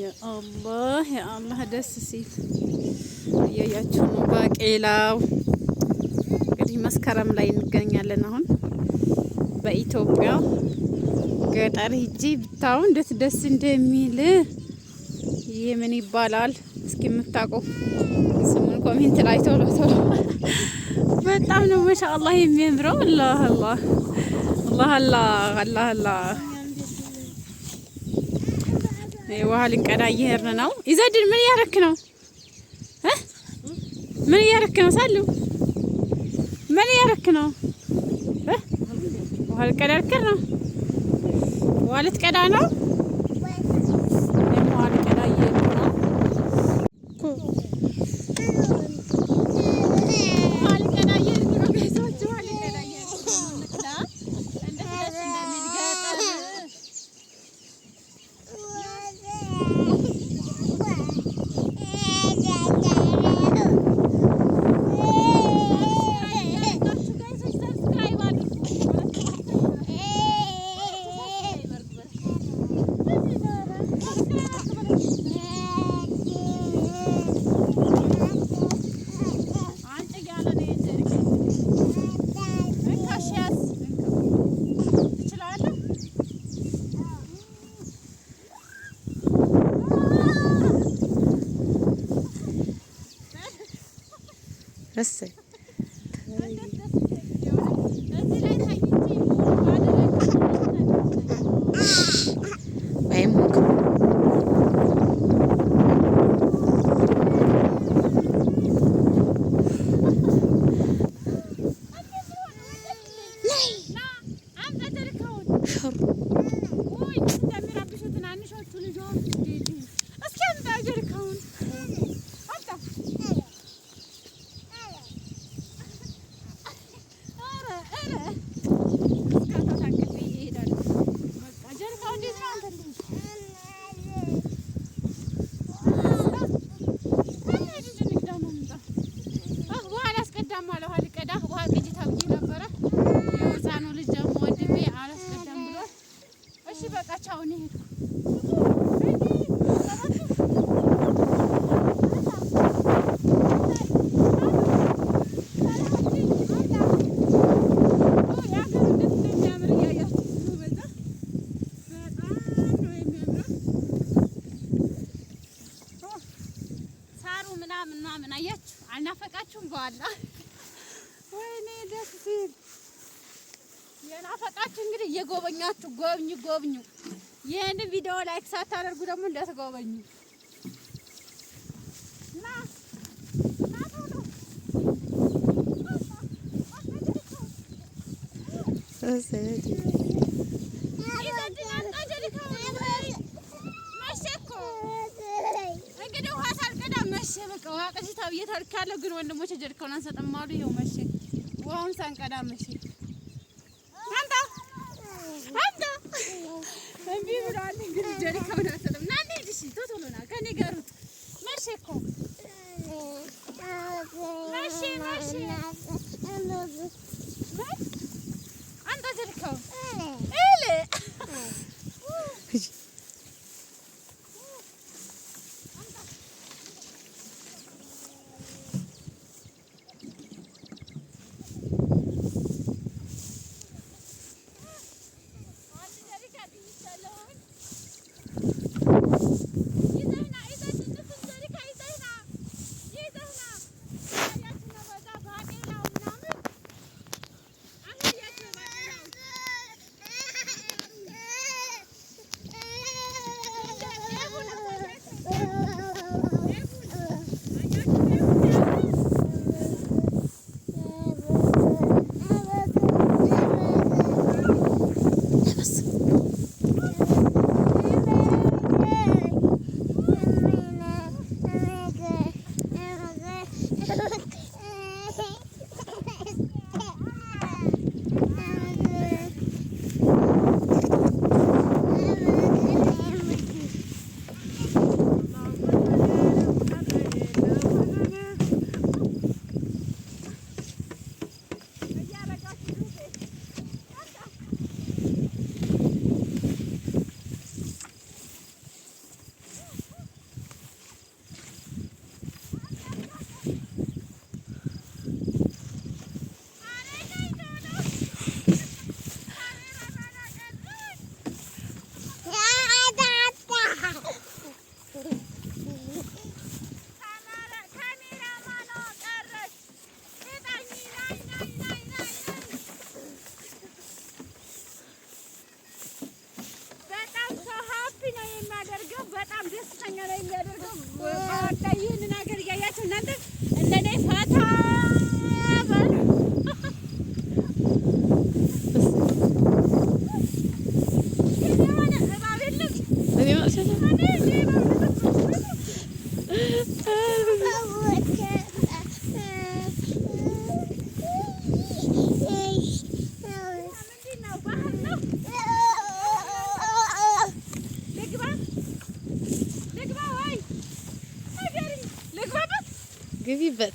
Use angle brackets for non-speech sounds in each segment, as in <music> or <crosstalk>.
የአላህ የአላህ ደስ ሲል እያያችሁ ነው። ባቄላው እንግዲህ መስከረም ላይ እንገኛለን። አሁን በኢትዮጵያ ገጠር ሂጂ ብታው እንዴት ደስ እንደሚል ይህ ምን ይባላል? እስኪ የምታውቁ ስሙን ኮሜንት ላይ ቶሎ ቶሎ። በጣም ነው ማሻአላህ የሚያምረው። አላህ አላህ አላህ አላህ አላህ ውሃ ልንቀዳ እየሄድን ነው። ይዘድን ምን እያረክ ነው? ምን እያረክ ነው? ሳሉ ምን እያረክ ነው? ውሃ ልቀዳ ልክር ነው። ውሃ ልትቀዳ ነው። હશે Ere. ተጣላ። ወይኔ ደስ ሲል የናፈቃችሁ እንግዲህ እየጎበኛችሁ ጎብኙ ጎብኙ። ይህን ቪዲዮ ላይክ ሳታደርጉ ደግሞ እንዳትጎበኙ። ና ቀጭታ ብዬ ታርካለሁ። ግን ወንድሞች ጀሪካውን አንሰጥም አሉ። ይኸው መቼ ውሃውን ሳንቀዳ መቼ አንተ አንተ እምቢ ብለዋል። እንግዲህ ጀሪካውን አንሰጥም ና እንሂድ። እሺ ቶሎ ና ከኔ ጋር ውጥ። መቼ እኮ መቼ መቼ አንተ ነው የሚያደርገው። በጣም ደስተኛ ነው የሚያደርገው። ይህን ነገር እያያቸው እናንተ እንደኔ ግቢበት።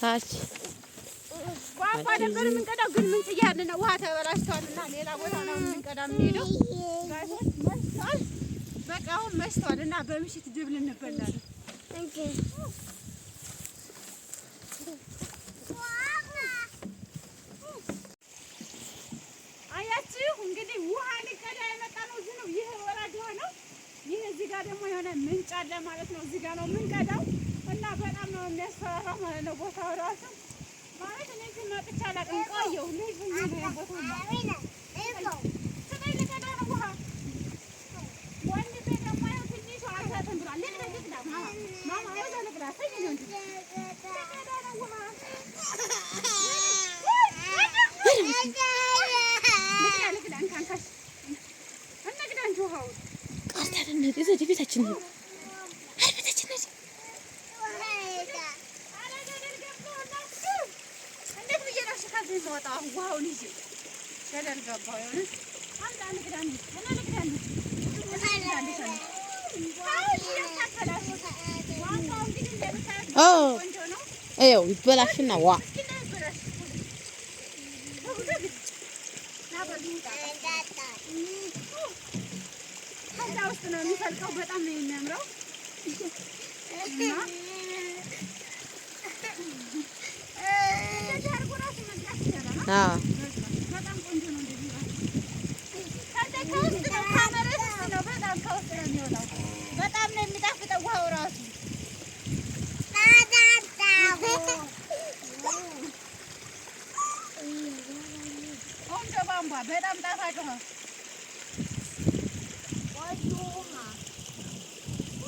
ታች ቋንቋ ነበር የምንቀዳው፣ ግን ምንጭ እያለ ነው ውሃ ተበላሽቷልና ሌላ ቦታ ነው የምንቀዳ የምንሄደው። በቃ አሁን መሽቷል እና በምሽት ድብል እንበላለን። ደግሞ የሆነ ምንጭ አለ ማለት ነው። እዚህ ጋር ነው የምንቀዳው እና በጣም ነው የሚያስፈራራ ማለት ነው። ቦታ ወደዋስም ማለት እኔ ግን መጥቻ አላውቅም። ቆየሁ ልጅ ቦታ እዚህ ቤታችን ነው። ይበላሽና ዋ ሲፈልቀው በጣም ነው የሚያምረው። በጣም ነው የሚጣፍጠው ውሃው ራሱ። ቆንጆ ቧንቧ በጣም ጣፋጭ ውሃ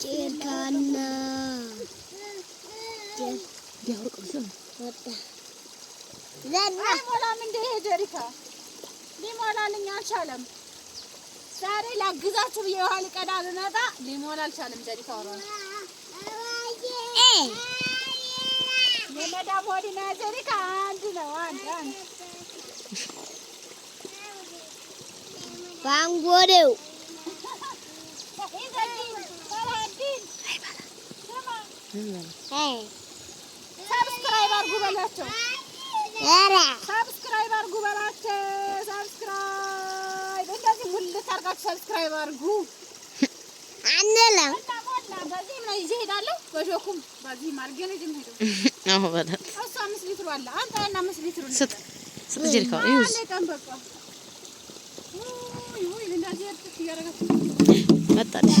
Cekana. Dia huruf kusum. Zan. Ay mola min de ሄጀሪካ ሊሞላል እኛ አልቻለም። ዛሬ ላግዛችሁ ብዬ ውሃ ልቀዳ ብመጣ ሊሞላ አልቻለም። ጀሪካ ሆኗል። የመዳም ሆድና ጀሪካ አንድ ነው። አንድ አንድ ባንጎዴው ሰብስክራይብ አድርጉ በላቸው። ሰብስክራይብ አድርጉ በላቸው። ሰብስክራይብ እንደዚህ ሙልት አድርጋችሁ ሰብስክራይብ አድርጉ አንለም በዚህም ነው ይዤ እሄዳለሁ። በሾኩም በዚህም አድርጌ ነው ይዤ የምሄደው። አዎ በላት እሱ አምስት ሊትሩ አለ። አንተ ያን አምስት ሊትሩ ስጥ ስጥ ጀሪካው ይሁን ቀን በቃ ይሁን እንደዚህ ያደረጋችሁ መጣልሽ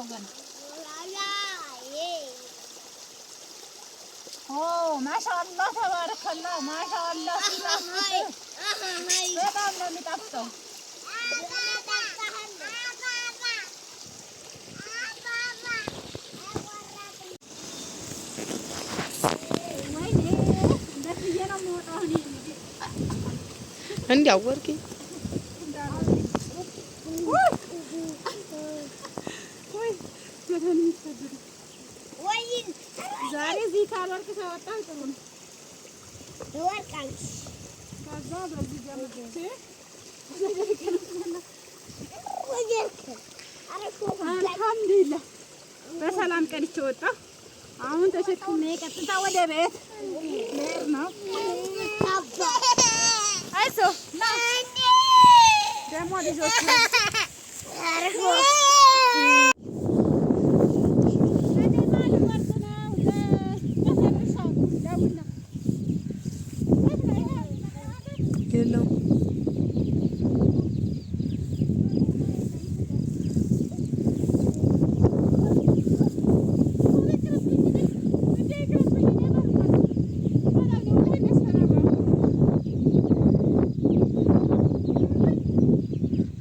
먹은. 오, 마샬라 타바르칼라 마샬라 በጣም ነው የሚጣፍጠው። እንዲያው ወርቄ ቦታ ነው የሚሰደደው። ዛሬ እዚህ ካልወርቅ ከወጣሁ ጥሩ ነው። ከዛ በዚህ ገብቼ አልሐምዱሊላህ በሰላም ቀድቼ ወጣሁ። አሁን ተሸክሜ ቀጥታ ወደ ቤት ልሄድ ደግሞ ልጆቹ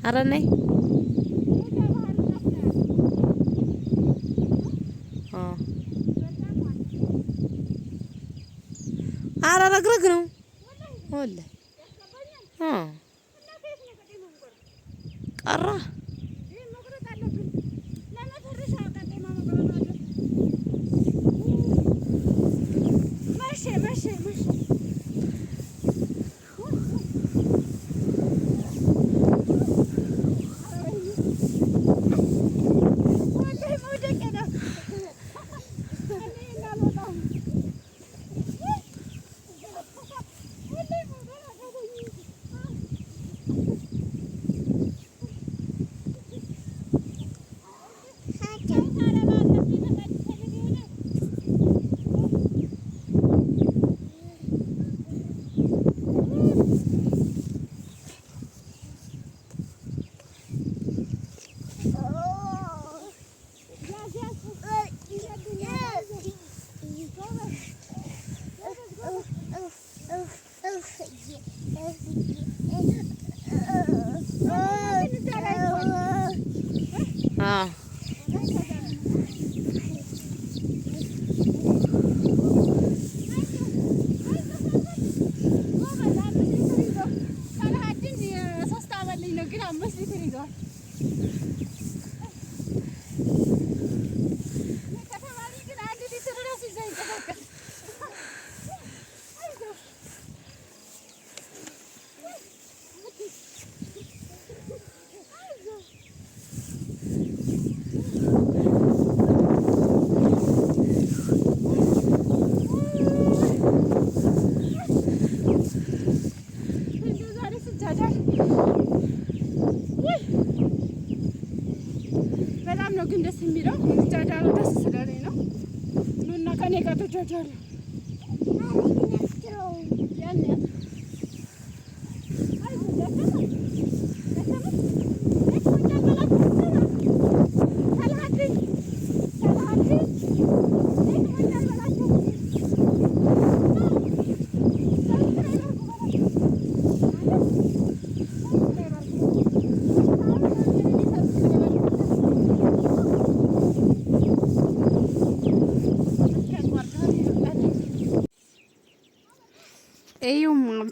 Ara ne? Ara ra gra gra? Olha. Ara. Mexe, mexe, mexe.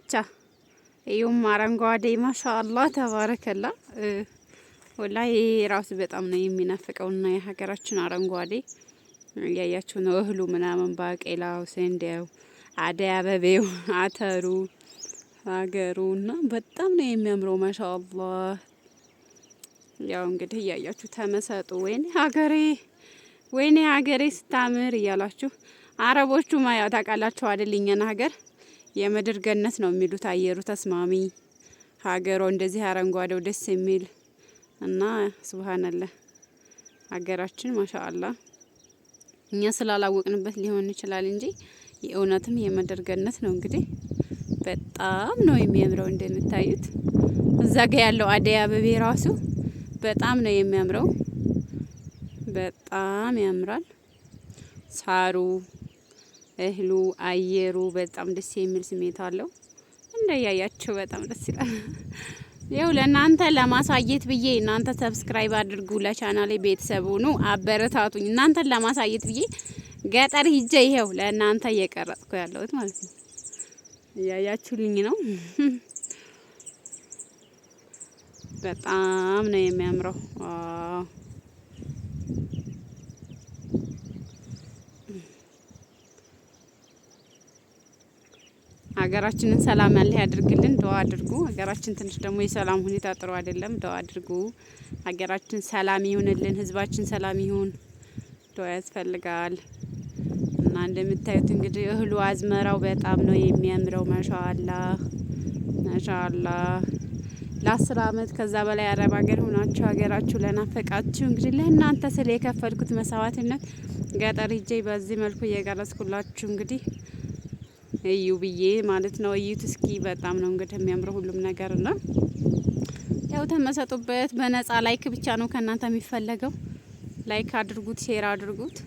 ብቻ ይሁም አረንጓዴ ማሻአላ ተባረከላ። ወላሂ ራሱ በጣም ነው የሚናፍቀው የሚናፍቀውና የሀገራችን አረንጓዴ እያያችሁ ነው። እህሉ ምናምን ባቄላው፣ ስንዴው፣ አደይ አበቤው፣ <laughs> አተሩ፣ ሀገሩ እና በጣም ነው የሚያምረው ማሻአላ። ያው እንግዲህ እያያችሁ ተመሰጡ። ወይኔ ሀገሬ ወይኔ ሀገሬ ስታምር እያላችሁ አረቦቹ ማያ ታውቃላችሁ አይደል? እኛን ሀገር የምድር ገነት ነው የሚሉት። አየሩ ተስማሚ፣ ሀገሮ እንደዚህ አረንጓዴው ደስ የሚል እና ስብሀነላህ ሀገራችን ማሻአላ እኛ ስላላወቅንበት ሊሆን ይችላል እንጂ የእውነትም የምድር ገነት ነው። እንግዲህ በጣም ነው የሚያምረው እንደምታዩት። እዛ ጋ ያለው አደይ አበቤ ራሱ በጣም ነው የሚያምረው። በጣም ያምራል ሳሩ እህሉ፣ አየሩ በጣም ደስ የሚል ስሜት አለው። እንደያያቸው በጣም ደስ ይላል። ያው ለእናንተ ለማሳየት ብዬ እናንተ ሰብስክራይብ አድርጉ፣ ለቻናሌ ቤተሰብ ሁኑ፣ አበረታቱኝ። እናንተን ለማሳየት ብዬ ገጠር ሂጄ ይኸው ለእናንተ እየቀረጥኩ ያለሁት ማለት ነው። እያያችሁልኝ ነው። በጣም ነው የሚያምረው። ሀገራችንን ሰላም ያለ ያድርግልን። ደዋ አድርጉ። ሀገራችን ትንሽ ደግሞ የሰላም ሁኔታ ጥሩ አይደለም። ደዋ አድርጉ። ሀገራችን ሰላም ይሁንልን፣ ህዝባችን ሰላም ይሁን። ደዋ ያስፈልጋል እና እንደምታዩት እንግዲህ እህሉ አዝመራው በጣም ነው የሚያምረው። ማሻአላህ ማሻአላህ። ለአስር አመት ከዛ በላይ አረብ ሀገር ሆናችሁ ሀገራችሁ ለናፈቃችሁ እንግዲህ ለእናንተ ስለ የከፈልኩት መስዋዕትነት ገጠር ሂጄ በዚህ መልኩ እየቀረጽኩላችሁ እንግዲህ እዩ ብዬ ማለት ነው። እዩት እስኪ በጣም ነው እንግዲህ የሚያምረው ሁሉም ነገር እና ያው ተመሰጡበት። በነፃ ላይክ ብቻ ነው ከእናንተ የሚፈለገው። ላይክ አድርጉት፣ ሼር አድርጉት።